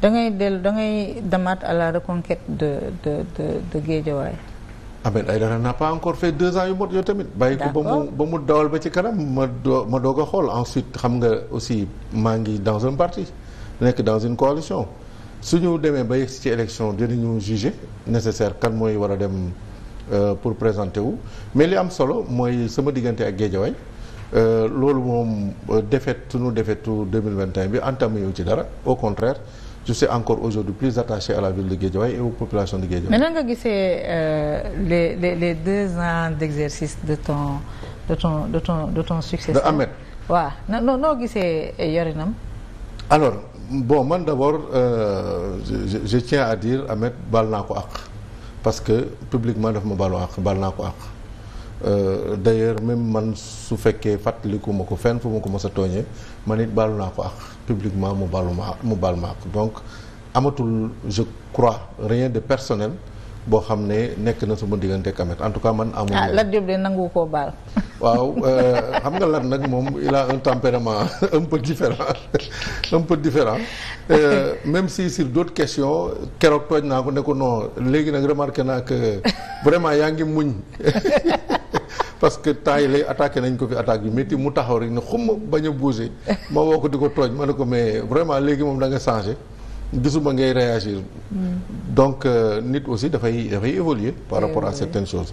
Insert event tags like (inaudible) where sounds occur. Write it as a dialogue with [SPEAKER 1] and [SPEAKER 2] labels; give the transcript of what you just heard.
[SPEAKER 1] da ngay dellu da ngay demaat à la reconquête de de de de Guédiawaye. Ahmed Aïdara n'a pas encore fait deux ans yu mot yow tamit. bàyyi ko ba mu ba mu dawal ba ci kanam ma doo ma doog a xool ensuite xam nga aussi maa ngi dans un parti nekk dans une coalition su ñu demee ba yegg ci élection dinañu juger nécessaire kan mooy war a dem euh, pour présenter wu mais li am solo mooy sama diggante ak Guédiawaye euh, loolu moom euh, défaite sunu défaite 2021 bi entamé wu ci dara au contraire. je suis encore aujourd'hui plus attaché à la ville de Guédiawaye et aux populations de Guédiawaye. mais nga gisee euh, les les les deux ans d'exercice de ton de ton de ton de ton successeur. de Ahmed waaw noo noo gisee yorinam. alors bon man d'abord euh, je, je tiens à dire Ahmed baal naa ko àq parce que publiquement def ma baalu àq baal naa ko àq. Euh, d'ailleurs même man su fekkee fàttaliku ma ko fen fu ma ko ma sa tooñee man it baalu naa ko ak publiquement mu baalu mu baal ma ak donc amatul je crois rien de personnel boo xam ne nekk na ma diggante ak en tout cas man. amul ah Lat Diop de nangu koo baal. waaw euh, xam nga Lat nag moom il un tempérament (laughs) un peu différent un peu différent euh, même si sur d'autres questions keroog tooñ naa ko ne ko non léegi nag remarqué naa que vraiment yaa ngi muñ. (laughs) parce que temps yi lay attaqué nañ ko fi attaque yu métti mu taxaw rek ne xum bañ a (laughs) ma woo ko di ko tooñ ma ne ko mais vraiment léegi moom da nga changé gisuma ngay réagir hmm. donc euh, nit aussi dafay dafay évoluer par rapport à certaines choses